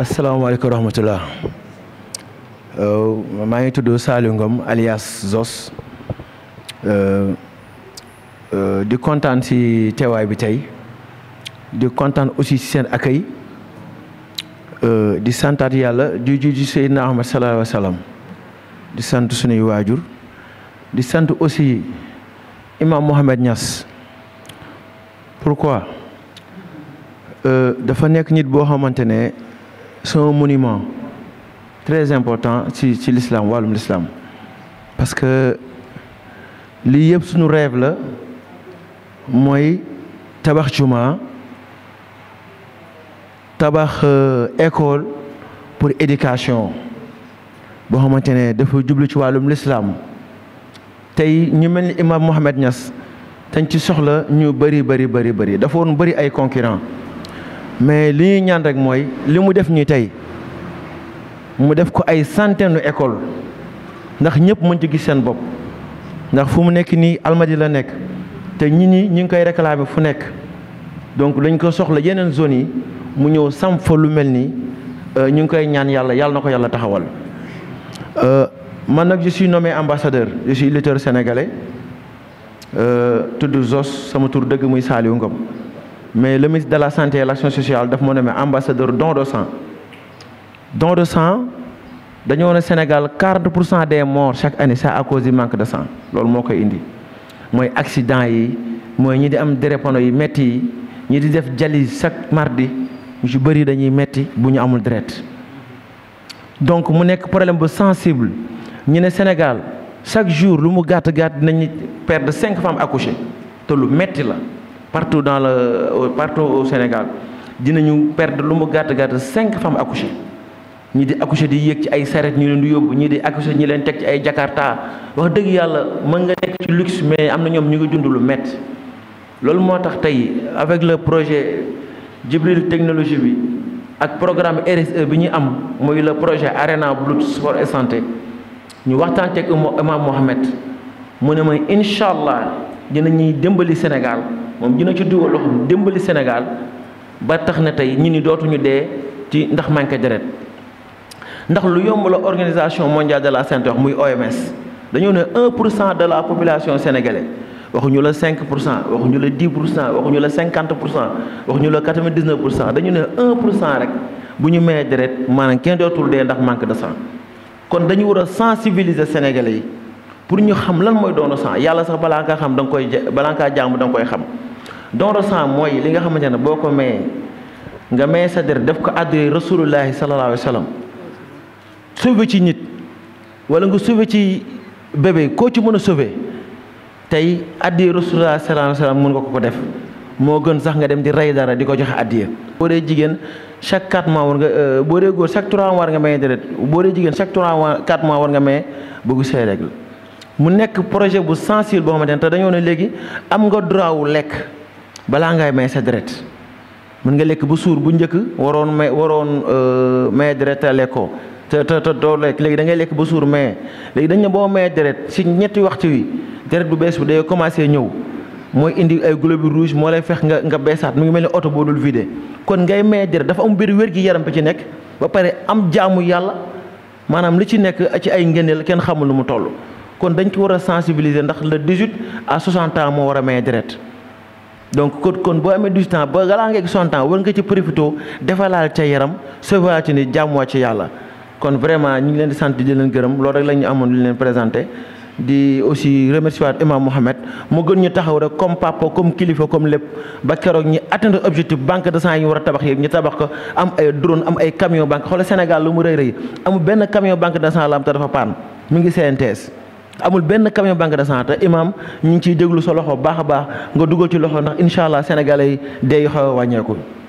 asalaamaaleykum wa rahmatulah uh, maa ngi tudd Saliou Ngom alias Zos uh, uh, di kontaan si teewaay bi tey di kontaan aussi si seen accueil di santaat yàlla di juju Seydina Ahmad sallallahu di sant sunuy waajur di sant aussi Imam Mohamed Niass pourquoi dafa nekk nit boo xamante ne. c'est un monument très important ci ci l'islam wàllum l'islam parce que lii yëpp suñu rêve la mooy tabax juma tabax euh, école pour éducation boo xamante ne dafa jublu ci wàllum lislaam tey ñu mel ni imam Mohamed Niass dañ ci soxla ñu bari bari bari bari dafa woon bëri ay concurrents mais li ñuy ñaan rek mooy li mu def nii tey mu def ko ay centaine école ndax ñëpp mën ci gis seen bopp ndax fu mu nekk nii Almadies la nekk te ñi ñi ñu ngi koy réclamer fu nekk donc lañ ko soxla yeneen zones yi mu ñëw samp fa lu mel nii euh, ñu ngi koy ñaan yàlla yàlla na ko yàlla taxawal euh, man nag je suis nommé ambassadeur je suis lutteur sénégalais euh, tudd Zos sama tur dëgg muy Saliou Ngom mais le ministre de la santé et l'action sociale daf moo nommé ambassadeur don de sang don de sang dans le Sénégal 40 des morts chaque année ça à cause du manque de sang C'est ce koy indi mooy accident yi mooy ñi di am drépano yi metti yi ñi di def chaque mardi ñu ci des dañuy metti bu ñu amul deret donc mu un problème bu sensible Nous, le Sénégal chaque jour lu mu a, gàtt dinañu perdre 5 femmes accouchées te lu metti la partout dans le partout au Sénégal dinañu perdre lu mu gàtt gàtt cinq femmes accouchées ñi di accouché di yéeg ci ay saret ñu leen di yóbbu ñi di accouché ñi leen teg ci ay jakarta wax dëgg yàlla mën nga nekk ci luxe mais am na ñoom ñu ngi dund lu métti loolu moo tax tey avec le projet Djibril technologie bi ak programme RSE bi ñu am muy le projet Arena Blood sport et santé ñu waxtaan teg Imam Mohamed mu ne mooy incha allah dina ñuy dimbali Sénégal moom dina ci dugal loxoom dimbali Sénégal ba tax na tey ñu ni dootuñu dee ci ndax manqué deret ndax lu yomb la organisation mondiale de la santé wax muy OMS dañoo ne 1 pour cent de la population sénégalaise waxuñu la 5 pour cent waxuñu la 10 pour cent waxuñu la 50 pour cent waxuñu la 99 pour cent dañu ne 1 pour cent rek bu ñu mayee deret maanaam kenn dootul dee ndax manque de sang kon dañu war a sensibiliser sénégalais yi pour ñu xam lan mooy doonu sang yàlla sax balaa ngaa xam da nga koy balaa ngaa jaamu da koy xam. don sang mooy li nga xamante ne boo ko mayee nga maye sa der def ko àdduna rasulullahi sallallahu alayhi wa sallam sauvé ci nit wala nga sauvé ci bébé koo ci mën a sauvé tey àdduna rasulullahi sallallahu alayhi wa mun nga ko ko def moo gën sax nga dem di rey dara di ko joxe àddiya boo dee jigéen chaque quatre mois war nga euh, boo dee góor chaque war nga maye déret boo dee jigéen chaque trois mois quatre mois war nga maye bëggu see règle mu nekk projet bu sensible boo xamante ne te dañoo ne léegi am nga droit lekk bala ngay may sa dret mën nga lek bu sour bu ñëk waron may waron euh may dret a lekkoo te te te doo lekk léegi da ngay lek bu sour may legi dañ na bo may dret ci ñetti waxti wi dret bu bes bu day commencé ñew moy indi ay globules rouge mo lay fex nga nga besat mu ngi melni auto bo dul vider kon ngay may dret dafa am bir wër gi yaram pa ci nek ba paré am jaamu yalla manam li ci nek ci ay ngeenel ken xamul lu mu tollu kon dañ ko wara sensibiliser ndax le 18 à 60 ans mo wara may dret donc kon kon boo amee 18 ans ba galaa ngeeg 60 war nga ci profité defalaal ca yaram sëfaat ci ni jàmmoo ci yàlla kon vraiment ñu ngi leen di sant di leen gërëm loolu rek la ñu amoon lu leen présenté di aussi remercier waat imam Mohamed mu gën ñu taxaw rek comme papa comme kilifa comme lépp ba keroog ñi atteindre objectif banque de sang yi ñu war a tabax yëpp ñu tabax ko am ay drone am ay camion banque xoolal Sénégal lu mu rëy rëy amul benn camion banque de sang la am te dafa paan mu ngi CNTS. amul benn camion banque de santé imam ñu ngi ciy déglu sa loxo baax a baax nga dugal ci loxo ndax incha allah sénégalais yi day xaw a